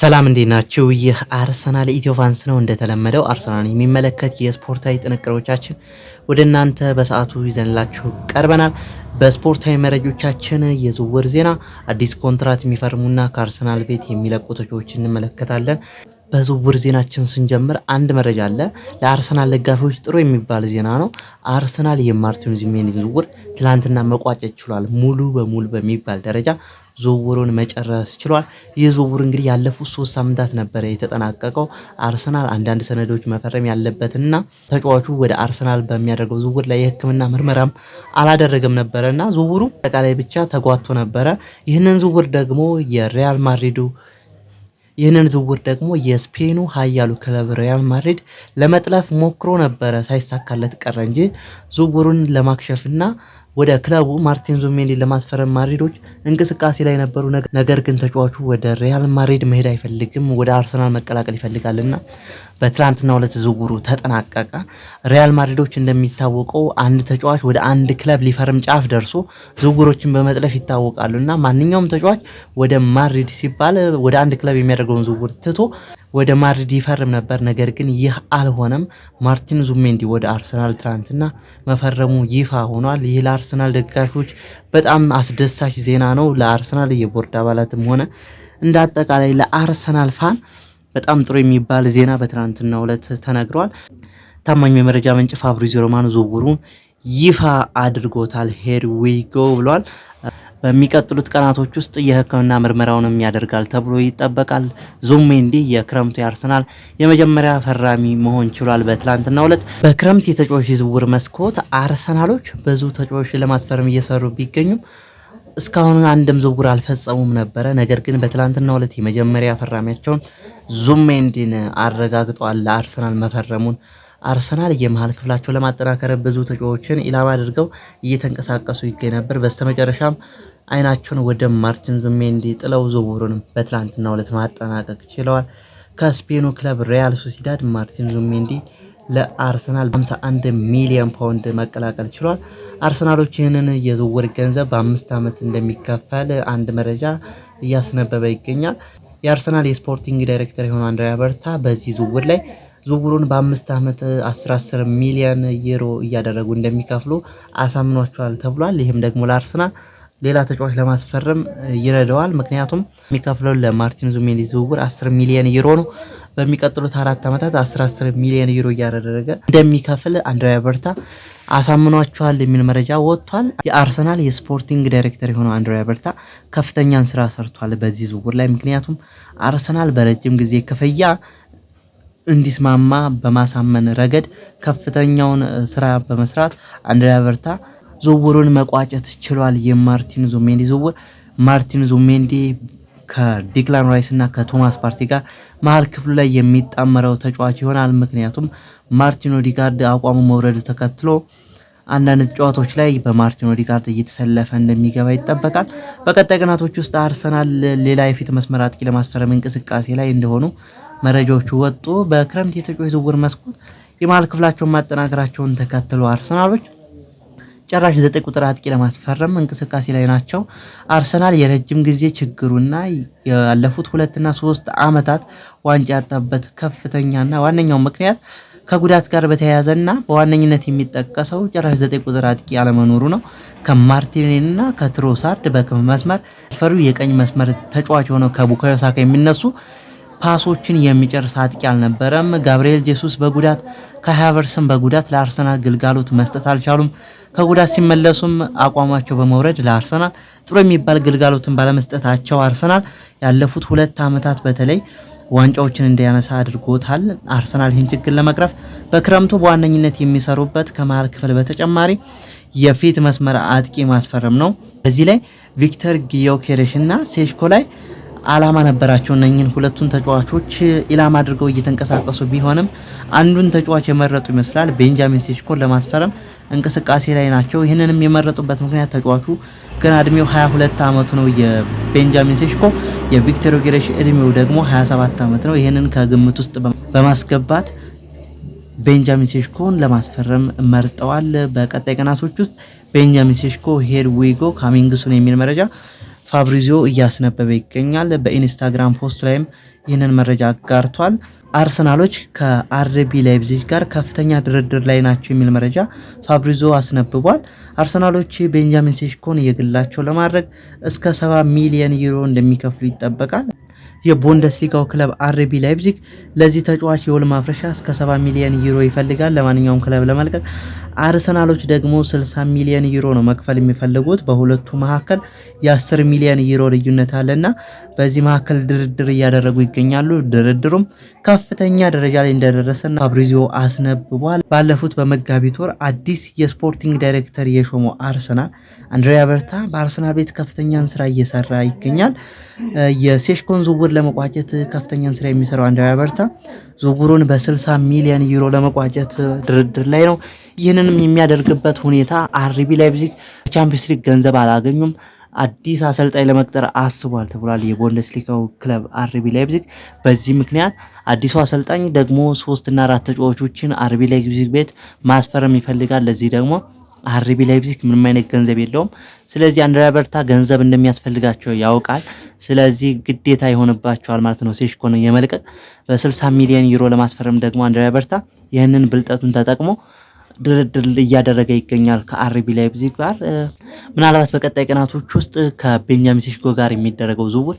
ሰላም እንዴት ናችሁ? ይህ አርሰናል ኢትዮ ፋንስ ነው። እንደተለመደው አርሰናል የሚመለከት የስፖርታዊ ጥንቅሮቻችን ወደ እናንተ በሰዓቱ ይዘንላችሁ ቀርበናል። በስፖርታዊ መረጆቻችን የዝውውር ዜና፣ አዲስ ኮንትራት የሚፈርሙና ከአርሰናል ቤት የሚለቁ ተጫዋቾችን እንመለከታለን። በዝውውር ዜናችን ስንጀምር አንድ መረጃ አለ። ለአርሰናል ደጋፊዎች ጥሩ የሚባል ዜና ነው። አርሰናል የማርቲን ዙቢሜንዲ ዝውውር ትላንትና መቋጨት ችሏል። ሙሉ በሙሉ በሚባል ደረጃ ዝውውሩን መጨረስ ችሏል። ይህ ዝውውር እንግዲህ ያለፉት ሶስት ሳምንታት ነበረ የተጠናቀቀው። አርሰናል አንዳንድ ሰነዶች መፈረም ያለበትና ተጫዋቹ ወደ አርሰናል በሚያደርገው ዝውውር ላይ የሕክምና ምርመራም አላደረገም ነበረ እና ዝውውሩ አጠቃላይ ብቻ ተጓቶ ነበረ። ይህንን ዝውውር ደግሞ የሪያል ማድሪዱ ይህንን ዝውውር ደግሞ የስፔኑ ኃያሉ ክለብ ሪያል ማድሪድ ለመጥለፍ ሞክሮ ነበረ፣ ሳይሳካለት ቀረ እንጂ ዝውውሩን ለማክሸፍና ወደ ክለቡ ማርቲን ዙሜንዲ ለማስፈረም ማድሪዶች እንቅስቃሴ ላይ ነበሩ። ነገር ግን ተጫዋቹ ወደ ሪያል ማድሪድ መሄድ አይፈልግም፣ ወደ አርሰናል መቀላቀል ይፈልጋልና በትላንትና ሁለት ዝውውሩ ተጠናቀቀ። ሪያል ማድሪዶች እንደሚታወቀው አንድ ተጫዋች ወደ አንድ ክለብ ሊፈርም ጫፍ ደርሶ ዝውውሮችን በመጥለፍ ይታወቃሉ እና ማንኛውም ተጫዋች ወደ ማድሪድ ሲባል ወደ አንድ ክለብ የሚያደርገውን ዝውውር ትቶ ወደ ማድሪድ ይፈርም ነበር። ነገር ግን ይህ አልሆነም። ማርቲን ዙሜንዲ ወደ አርሰናል ትናንትና መፈረሙ ይፋ ሆኗል። ይህ ለአርሰናል ደጋፊዎች በጣም አስደሳች ዜና ነው። ለአርሰናል የቦርድ አባላትም ሆነ እንደ አጠቃላይ ለአርሰናል ፋን በጣም ጥሩ የሚባል ዜና በትናንትናው ዕለት ተነግሯል። ታማኝ የመረጃ ምንጭ ፋብሪዚዮ ሮማኖ ዝውውሩን ይፋ አድርጎታል። ሄር ዊ ጎ ብሏል። በሚቀጥሉት ቀናቶች ውስጥ የሕክምና ምርመራውንም ያደርጋል ተብሎ ይጠበቃል። ዙሜንዲ የክረምቱ የአርሰናል የመጀመሪያ ፈራሚ መሆን ችሏል። በትላንትናው ዕለት በክረምት የተጫዋች ዝውር መስኮት አርሰናሎች ብዙ ተጫዋች ለማስፈረም እየሰሩ ቢገኙም እስካሁን አንድም ዝውውር አልፈጸሙም ነበረ። ነገር ግን በትላንትና ሁለት የመጀመሪያ ፈራሚያቸውን ዙሜንዲን አረጋግጠዋል ለአርሰናል መፈረሙን። አርሰናል የመሀል ክፍላቸው ለማጠናከር ብዙ ተጫዋቾችን ኢላማ አድርገው እየተንቀሳቀሱ ይገኝ ነበር። በስተመጨረሻም አይናቸውን ወደ ማርቲን ዙሜንዲ ጥለው ዝውውሩን በትላንትና ሁለት ማጠናቀቅ ችለዋል። ከስፔኑ ክለብ ሪያል ሶሲዳድ ማርቲን ዙሜንዲ ለአርሰናል 51 ሚሊዮን ፓውንድ መቀላቀል ችሏል። አርሰናሎች ይህንን የዝውውር ገንዘብ በአምስት ዓመት እንደሚከፈል አንድ መረጃ እያስነበበ ይገኛል። የአርሰናል የስፖርቲንግ ዳይሬክተር የሆነ አንድሪያ በርታ በዚህ ዝውውር ላይ ዝውውሩን በአምስት ዓመት 11 ሚሊዮን ዩሮ እያደረጉ እንደሚከፍሉ አሳምኗቸዋል ተብሏል። ይህም ደግሞ ለአርሰናል ሌላ ተጫዋች ለማስፈረም ይረዳዋል። ምክንያቱም የሚከፍለው ለማርቲን ዙሜሊ ዝውውር 10 ሚሊዮን ዩሮ ነው። በሚቀጥሉት አራት ዓመታት 11 ሚሊዮን ዩሮ እያደረገ እንደሚከፍል አንድሪያ በርታ አሳምኗቸዋል የሚል መረጃ ወጥቷል። የአርሰናል የስፖርቲንግ ዳይሬክተር የሆነው አንድሪያ በርታ ከፍተኛን ስራ ሰርቷል በዚህ ዝውውር ላይ። ምክንያቱም አርሰናል በረጅም ጊዜ ክፍያ እንዲስማማ በማሳመን ረገድ ከፍተኛውን ስራ በመስራት አንድሪያ በርታ ዝውውሩን መቋጨት ችሏል። የማርቲን ዙሜንዲ ዝውውር ማርቲን ዙሜንዲ ከዲክላን ራይስ እና ከቶማስ ፓርቲ ጋር መሀል ክፍሉ ላይ የሚጣመረው ተጫዋች ይሆናል። ምክንያቱም ማርቲን ኦዲጋርድ አቋሙ መውረዱ ተከትሎ አንዳንድ ጨዋታዎች ላይ በማርቲን ኦዲጋርድ እየተሰለፈ እንደሚገባ ይጠበቃል። በቀጣይ ቀናቶች ውስጥ አርሰናል ሌላ የፊት መስመር አጥቂ ለማስፈረም እንቅስቃሴ ላይ እንደሆኑ መረጃዎቹ ወጡ። በክረምት የተጫዋች ዝውውር መስኮት የመሀል ክፍላቸውን ማጠናከራቸውን ተከትሎ አርሰናሎች ጭራሽ ዘጠኝ ቁጥር አጥቂ ለማስፈረም እንቅስቃሴ ላይ ናቸው። አርሰናል የረጅም ጊዜ ችግሩና ያለፉት ሁለትና ሶስት አመታት ዋንጫ ያጣበት ከፍተኛና ዋነኛው ምክንያት ከጉዳት ጋር በተያያዘና በዋነኝነት የሚጠቀሰው ጭራሽ ዘጠኝ ቁጥር አጥቂ አለመኖሩ ነው። ከማርቲኔና ከትሮሳርድ በክፍ መስመር አስፈሪው የቀኝ መስመር ተጫዋች ሆነው ከቡካዮ ሳካ የሚነሱ ፓሶችን የሚጨርስ አጥቂ አልነበረም። ጋብርኤል ጄሱስ በጉዳት ከሃቨርስም በጉዳት ለአርሰናል ግልጋሎት መስጠት አልቻሉም። ከጉዳት ሲመለሱም አቋማቸው በመውረድ ለአርሰናል ጥሩ የሚባል ግልጋሎትን ባለመስጠታቸው አርሰናል ያለፉት ሁለት ዓመታት በተለይ ዋንጫዎችን እንዲያነሳ አድርጎታል። አርሰናል ይህን ችግር ለመቅረፍ በክረምቱ በዋነኝነት የሚሰሩበት ከመሀል ክፍል በተጨማሪ የፊት መስመር አጥቂ ማስፈረም ነው። በዚህ ላይ ቪክተር ጊዮኬሬሽ እና ሴሽኮ ላይ አላማ ነበራቸው። እነኝን ሁለቱን ተጫዋቾች ኢላማ አድርገው እየተንቀሳቀሱ ቢሆንም አንዱን ተጫዋች የመረጡ ይመስላል። ቤንጃሚን ሴስኮን ለማስፈረም እንቅስቃሴ ላይ ናቸው። ይህንንም የመረጡበት ምክንያት ተጫዋቹ ገና እድሜው 22 ዓመቱ ነው። የቤንጃሚን ሴስኮ የቪክቶር ዮኬሬሽ እድሜው ደግሞ 27 ዓመት ነው። ይህንን ከግምት ውስጥ በማስገባት ቤንጃሚን ሴስኮን ለማስፈረም መርጠዋል። በቀጣይ ቀናቶች ውስጥ ቤንጃሚን ሴስኮ ሄድ ዊጎ ካሚንግሱን የሚል መረጃ ፋብሪዚዮ እያስነበበ ይገኛል። በኢንስታግራም ፖስት ላይም ይህንን መረጃ አጋርቷል። አርሰናሎች ከአርቢ ላይፕዚግ ጋር ከፍተኛ ድርድር ላይ ናቸው የሚል መረጃ ፋብሪዞ አስነብቧል። አርሰናሎች ቤንጃሚን ሴሽኮን የግላቸው ለማድረግ እስከ ሰባ ሚሊየን ዩሮ እንደሚከፍሉ ይጠበቃል። የቡንደስሊጋው ክለብ አርቢ ላይፕዚግ ለዚህ ተጫዋች የውል ማፍረሻ እስከ 70 ሚሊዮን ዩሮ ይፈልጋል ለማንኛውም ክለብ ለመልቀቅ። አርሰናሎች ደግሞ 60 ሚሊዮን ዩሮ ነው መክፈል የሚፈልጉት። በሁለቱ መካከል የ10 ሚሊዮን ዩሮ ልዩነት አለና በዚህ መካከል ድርድር እያደረጉ ይገኛሉ። ድርድሩም ከፍተኛ ደረጃ ላይ እንደደረሰና ፋብሪዚዮ አስነብቧል። ባለፉት በመጋቢት ወር አዲስ የስፖርቲንግ ዳይሬክተር የሾመው አርሰናል አንድሪያ በርታ በአርሰናል ቤት ከፍተኛን ስራ እየሰራ ይገኛል። የሴሽኮን ዝውውር ለመቋጨት ከፍተኛን ስራ የሚሰራው አንድሪያ በርታ ዝውውሩን በ60 ሚሊዮን ዩሮ ለመቋጨት ድርድር ላይ ነው። ይህንንም የሚያደርግበት ሁኔታ አርቢ ላይፕዚግ ቻምፒየንስ ሊግ ገንዘብ አላገኙም። አዲስ አሰልጣኝ ለመቅጠር አስቧል ተብሏል። የቡንደስሊጋው ክለብ አርቢ ላይፕዚግ በዚህ ምክንያት አዲሱ አሰልጣኝ ደግሞ ሶስትና አራት ተጫዋቾችን አርቢ ላይፕዚግ ቤት ማስፈረም ይፈልጋል። ለዚህ ደግሞ አርቢ ላይፕዚግ ምንም አይነት ገንዘብ የለውም። ስለዚህ አንድሪያ በርታ ገንዘብ እንደሚያስፈልጋቸው ያውቃል። ስለዚህ ግዴታ የሆንባቸዋል ማለት ነው ሴሽኮን የመልቀቅ። በ60 ሚሊዮን ዩሮ ለማስፈረም ደግሞ አንድሪያ በርታ ይህንን ብልጠቱን ተጠቅሞ ድርድር እያደረገ ይገኛል ከአርቢ ላይፕዚግ ጋር። ምናልባት በቀጣይ ቀናቶች ውስጥ ከቤንጃሚን ሴሽኮ ጋር የሚደረገው ዝውውር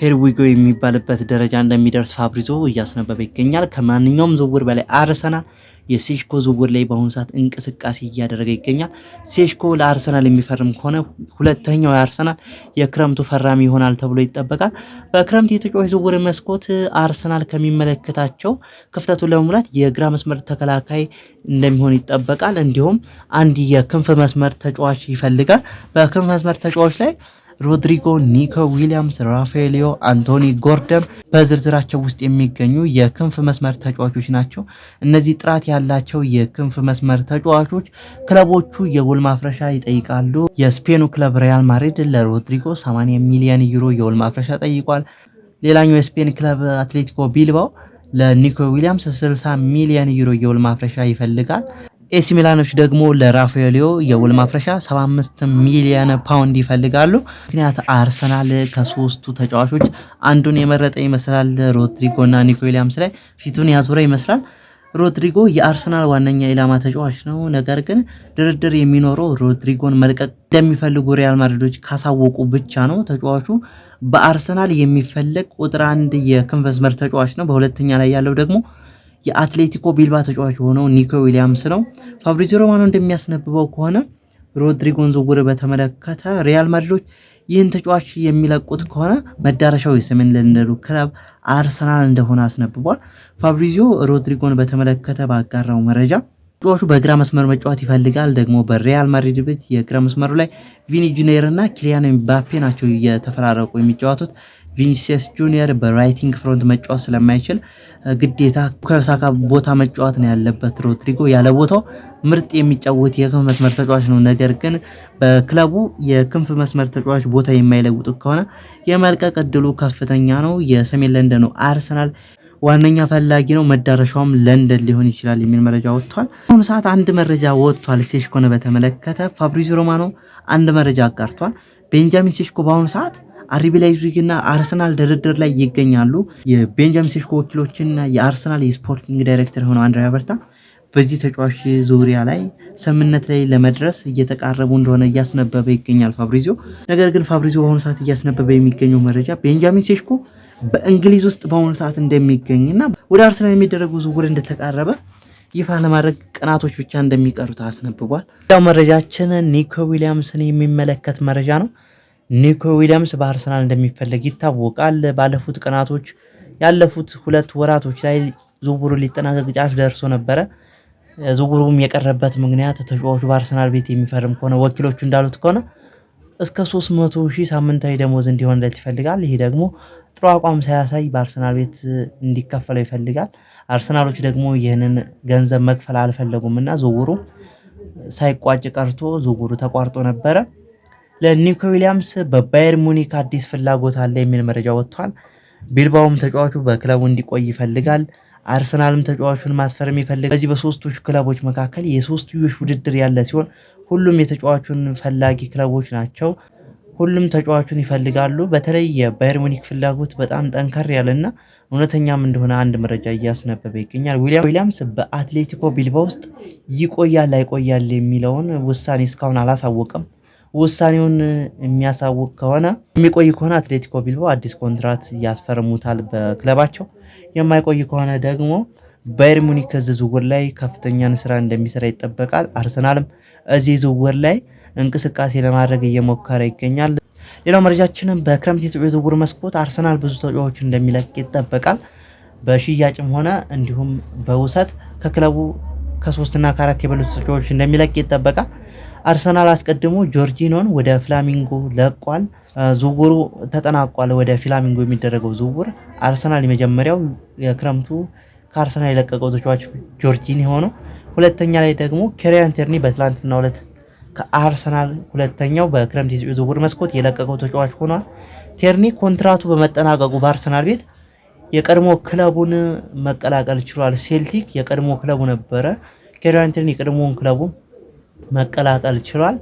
ሄርዊጎ የሚባልበት ደረጃ እንደሚደርስ ፋብሪዞ እያስነበበ ይገኛል። ከማንኛውም ዝውውር በላይ አርሰናል የሴሽኮ ዝውውር ላይ በአሁኑ ሰዓት እንቅስቃሴ እያደረገ ይገኛል። ሴሽኮ ለአርሰናል የሚፈርም ከሆነ ሁለተኛው የአርሰናል የክረምቱ ፈራሚ ይሆናል ተብሎ ይጠበቃል። በክረምት የተጫዋች ዝውውር መስኮት አርሰናል ከሚመለከታቸው ክፍተቱን ለመሙላት የግራ መስመር ተከላካይ እንደሚሆን ይጠበቃል። እንዲሁም አንድ የክንፍ መስመር ተጫዋች ይፈልጋል። በክንፍ መስመር ተጫዋች ላይ ሮድሪጎ፣ ኒኮ ዊሊያምስ፣ ራፋኤልዮ አንቶኒ ጎርደም በዝርዝራቸው ውስጥ የሚገኙ የክንፍ መስመር ተጫዋቾች ናቸው። እነዚህ ጥራት ያላቸው የክንፍ መስመር ተጫዋቾች ክለቦቹ የጎል ማፍረሻ ይጠይቃሉ። የስፔኑ ክለብ ሪያል ማድሪድ ለሮድሪጎ 80 ሚሊዮን ዩሮ የጎል ማፍረሻ ጠይቋል። ሌላኛው የስፔን ክለብ አትሌቲኮ ቢልባው ለኒኮ ዊሊያምስ 60 ሚሊዮን ዩሮ የጎል ማፍረሻ ይፈልጋል። ኤሲ ሚላኖች ደግሞ ለራፋኤልዮ የውል ማፍረሻ 75 ሚሊዮን ፓውንድ ይፈልጋሉ። ምክንያት አርሰናል ከሶስቱ ተጫዋቾች አንዱን የመረጠ ይመስላል። ሮድሪጎ እና ኒኮ ዊሊያምስ ላይ ፊቱን ያዞረ ይመስላል። ሮድሪጎ የአርሰናል ዋነኛ ኢላማ ተጫዋች ነው። ነገር ግን ድርድር የሚኖረው ሮድሪጎን መልቀቅ እንደሚፈልጉ ሪያል ማድሪዶች ካሳወቁ ብቻ ነው። ተጫዋቹ በአርሰናል የሚፈለግ ቁጥር አንድ የክንፍ መስመር ተጫዋች ነው። በሁለተኛ ላይ ያለው ደግሞ የአትሌቲኮ ቢልባ ተጫዋች የሆነው ኒኮ ዊሊያምስ ነው። ፋብሪዚዮ ሮማኖ እንደሚያስነብበው ከሆነ ሮድሪጎን ዝውውር በተመለከተ ሪያል ማድሪዶች ይህን ተጫዋች የሚለቁት ከሆነ መዳረሻው የሰሜን ለንደኑ ክለብ አርሰናል እንደሆነ አስነብቧል። ፋብሪዚዮ ሮድሪጎን በተመለከተ ባጋራው መረጃ ተጫዋቹ በግራ መስመር መጫወት ይፈልጋል። ደግሞ በሪያል ማድሪድ ቤት የግራ መስመሩ ላይ ቪኒ ጁኒየር እና ኪሊያን ኤምባፔ ናቸው እየተፈራረቁ የሚጫወቱት። ቪኒሲየስ ጁኒየር በራይቲንግ ፍሮንት መጫወት ስለማይችል ግዴታ ከሳካ ቦታ መጫወት ነው ያለበት። ሮድሪጎ ያለ ቦታው ምርጥ የሚጫወት የክንፍ መስመር ተጫዋች ነው። ነገር ግን በክለቡ የክንፍ መስመር ተጫዋች ቦታ የማይለውጡ ከሆነ የመልቀቅ እድሉ ከፍተኛ ነው። የሰሜን ለንደን ነው አርሰናል ዋነኛ ፈላጊ ነው። መዳረሻውም ለንደን ሊሆን ይችላል የሚል መረጃ ወጥቷል። አሁኑ ሰዓት አንድ መረጃ ወጥቷል። ሴሽኮን በተመለከተ ፋብሪዚ ሮማኖ አንድ መረጃ አጋርቷል። ቤንጃሚን ሴሽኮ በአሁኑ ሰዓት አሪቢ ላይፕዚግ እና አርሰናል ድርድር ላይ ይገኛሉ። የቤንጃሚን ሴስኮ ወኪሎችና የአርሰናል የስፖርቲንግ ዳይሬክተር የሆነው አንድሪያ በርታ በዚህ ተጫዋች ዙሪያ ላይ ስምምነት ላይ ለመድረስ እየተቃረቡ እንደሆነ እያስነበበ ይገኛል ፋብሪዚዮ። ነገር ግን ፋብሪዚዮ በአሁኑ ሰዓት እያስነበበ የሚገኘው መረጃ ቤንጃሚን ሴሽኮ በእንግሊዝ ውስጥ በአሁኑ ሰዓት እንደሚገኝና ወደ አርሰናል የሚደረገው ዝውውር እንደተቃረበ ይፋ ለማድረግ ቀናቶች ብቻ እንደሚቀሩት አስነብቧል። ያው መረጃችን ኒኮ ዊሊያምስን የሚመለከት መረጃ ነው። ኒኮ ዊሊያምስ በአርሰናል እንደሚፈለግ ይታወቃል። ባለፉት ቀናቶች ያለፉት ሁለት ወራቶች ላይ ዝውውሩ ሊጠናቀቅ ጫፍ ደርሶ ነበረ። ዝውውሩም የቀረበት ምክንያት ተጫዋቹ በአርሰናል ቤት የሚፈርም ከሆነ ወኪሎቹ እንዳሉት ከሆነ እስከ 300 ሺህ ሳምንታዊ ደሞዝ እንዲሆንለት ይፈልጋል። ይሄ ደግሞ ጥሩ አቋም ሳያሳይ በአርሰናል ቤት እንዲከፈለው ይፈልጋል። አርሰናሎች ደግሞ ይህንን ገንዘብ መክፈል አልፈለጉም እና ዝውውሩ ሳይቋጭ ቀርቶ ዝውውሩ ተቋርጦ ነበረ። ለኒኮ ዊሊያምስ በባየር ሙኒክ አዲስ ፍላጎት አለ የሚል መረጃ ወጥቷል። ቢልባውም ተጫዋቹ በክለቡ እንዲቆይ ይፈልጋል። አርሰናልም ተጫዋቹን ማስፈረም ይፈልጋል። በዚህ በሶስቶቹ ክለቦች መካከል የሶስትዮሽ ውድድር ያለ ሲሆን ሁሉም የተጫዋቹን ፈላጊ ክለቦች ናቸው። ሁሉም ተጫዋቹን ይፈልጋሉ። በተለይ የባየር ሙኒክ ፍላጎት በጣም ጠንከር ያለና እውነተኛም እንደሆነ አንድ መረጃ እያስነበበ ይገኛል። ዊሊያምስ በአትሌቲኮ ቢልባ ውስጥ ይቆያል አይቆያል የሚለውን ውሳኔ እስካሁን አላሳወቀም። ውሳኔውን የሚያሳውቅ ከሆነ የሚቆይ ከሆነ አትሌቲኮ ቢልቦ አዲስ ኮንትራት ያስፈርሙታል በክለባቸው። የማይቆይ ከሆነ ደግሞ ባየር ሙኒክ ከዚህ ዝውውር ላይ ከፍተኛን ስራ እንደሚሰራ ይጠበቃል። አርሰናልም እዚህ ዝውውር ላይ እንቅስቃሴ ለማድረግ እየሞከረ ይገኛል። ሌላው መረጃችንም በክረምት የኢትዮጵያ ዝውውር መስኮት አርሰናል ብዙ ተጫዋቾች እንደሚለቅ ይጠበቃል። በሽያጭም ሆነ እንዲሁም በውሰት ከክለቡ ከሶስትና ከአራት የበሉት ተጫዋቾች እንደሚለቅ ይጠበቃል። አርሰናል አስቀድሞ ጆርጂኖን ወደ ፍላሚንጎ ለቋል። ዝውውሩ ተጠናቋል። ወደ ፍላሚንጎ የሚደረገው ዝውውር አርሰናል የመጀመሪያው የክረምቱ ከአርሰናል የለቀቀው ተጫዋች ጆርጂኒሆ ነው። ሁለተኛ ላይ ደግሞ ኬሪያን ቴርኒ በትላንትናው ዕለት ከአርሰናል ሁለተኛው በክረምት ዝውውር መስኮት የለቀቀው ተጫዋች ሆኗል። ቴርኒ ኮንትራቱ በመጠናቀቁ በአርሰናል ቤት የቀድሞ ክለቡን መቀላቀል ችሏል። ሴልቲክ የቀድሞ ክለቡ ነበረ። ኬሪያን ቴርኒ የቀድሞውን ክለቡ መቀላቀል ችሏል።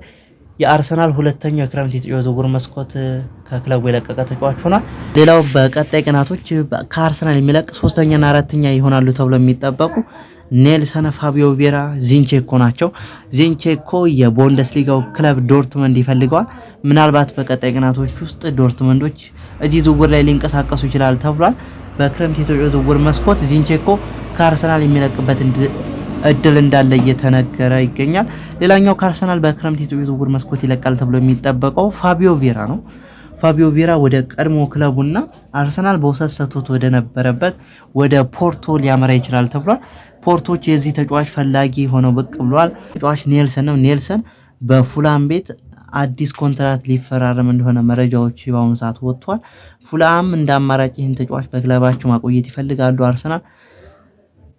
የአርሰናል ሁለተኛው የክረምት የተጫዋቾች ዝውውር መስኮት ከክለቡ የለቀቀ ተጫዋች ሆኗል። ሌላው በቀጣይ ቀናቶች ከአርሰናል የሚለቅ ሶስተኛና አራተኛ ይሆናሉ ተብሎ የሚጠበቁ ኔልሰን፣ ፋቢዮ ቬራ፣ ዚንቼኮ ናቸው። ዚንቼኮ የቦንደስሊጋው ክለብ ዶርትመንድ ይፈልገዋል። ምናልባት በቀጣይ ቀናቶች ውስጥ ዶርትመንዶች እዚህ ዝውውር ላይ ሊንቀሳቀሱ ይችላል ተብሏል። በክረምት የተጫዋቾች ዝውውር መስኮት ዚንቼኮ ከአርሰናል የሚለቅበት እድል እንዳለ እየተነገረ ይገኛል። ሌላኛው ከአርሰናል በክረምት ዝውውር መስኮት ይለቃል ተብሎ የሚጠበቀው ፋቢዮ ቬራ ነው። ፋቢዮ ቬራ ወደ ቀድሞ ክለቡና አርሰናል በውሰት ሰቶት ወደ ነበረበት ወደ ፖርቶ ሊያመራ ይችላል ተብሏል። ፖርቶች የዚህ ተጫዋች ፈላጊ ሆነው ብቅ ብለዋል። ተጫዋች ኔልሰን ነው። ኔልሰን በፉላም ቤት አዲስ ኮንትራት ሊፈራረም እንደሆነ መረጃዎች በአሁኑ ሰዓት ወጥቷል። ፉላም እንደ አማራጭ ይህን ተጫዋች በክለባቸው ማቆየት ይፈልጋሉ አርሰናል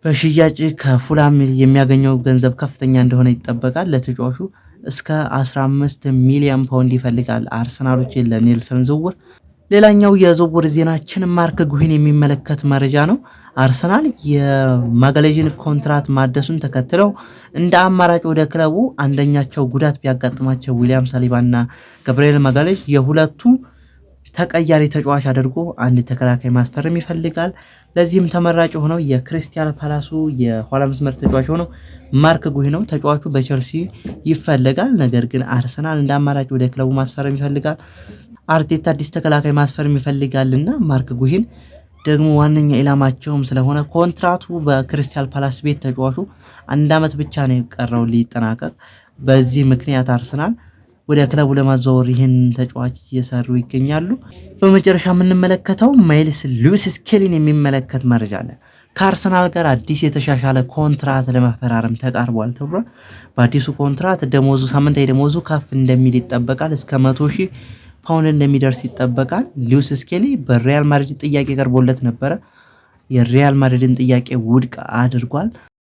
በሽያጭ ከፉላም የሚያገኘው ገንዘብ ከፍተኛ እንደሆነ ይጠበቃል። ለተጫዋቹ እስከ 15 ሚሊዮን ፓውንድ ይፈልጋል አርሰናሎች ለኔልሰን ዝውውር። ሌላኛው የዝውውር ዜናችን ማርክ ጉሂን የሚመለከት መረጃ ነው። አርሰናል የማጋሌዥን ኮንትራት ማደሱን ተከትለው እንደ አማራጭ ወደ ክለቡ አንደኛቸው ጉዳት ቢያጋጥማቸው ዊሊያም ሳሊባና ገብርኤል ማጋሌዥ የሁለቱ ተቀያሪ ተጫዋች አድርጎ አንድ ተከላካይ ማስፈረም ይፈልጋል። ለዚህም ተመራጭ የሆነው የክሪስታል ፓላሱ የኋላ መስመር ተጫዋች የሆነው ማርክ ጉሂ ነው። ተጫዋቹ በቸልሲ ይፈልጋል፣ ነገር ግን አርሰናል እንደ አማራጭ ወደ ክለቡ ማስፈረም ይፈልጋል። አርቴታ አዲስ ተከላካይ ማስፈረም ይፈልጋልና ማርክ ጉሂን ደግሞ ዋነኛ ኢላማቸውም ስለሆነ ኮንትራቱ በክሪስታል ፓላስ ቤት ተጫዋቹ አንድ ዓመት ብቻ ነው የቀረው ሊጠናቀቅ። በዚህ ምክንያት አርሰናል ወደ ክለቡ ለማዘዋወር ይህን ተጫዋች እየሰሩ ይገኛሉ። በመጨረሻ የምንመለከተው ማይልስ ሉዊስ ስኬሊን የሚመለከት መረጃ አለ። ከአርሰናል ጋር አዲስ የተሻሻለ ኮንትራት ለመፈራረም ተቃርቧል ተብሏል። በአዲሱ ኮንትራት ደሞዙ ሳምንታዊ ደሞዙ ከፍ እንደሚል ይጠበቃል። እስከ መቶ ሺህ ፓውንድ እንደሚደርስ ይጠበቃል። ሉዊስ ስኬሊ በሪያል ማድሪድ ጥያቄ ቀርቦለት ነበረ። የሪያል ማድሪድን ጥያቄ ውድቅ አድርጓል።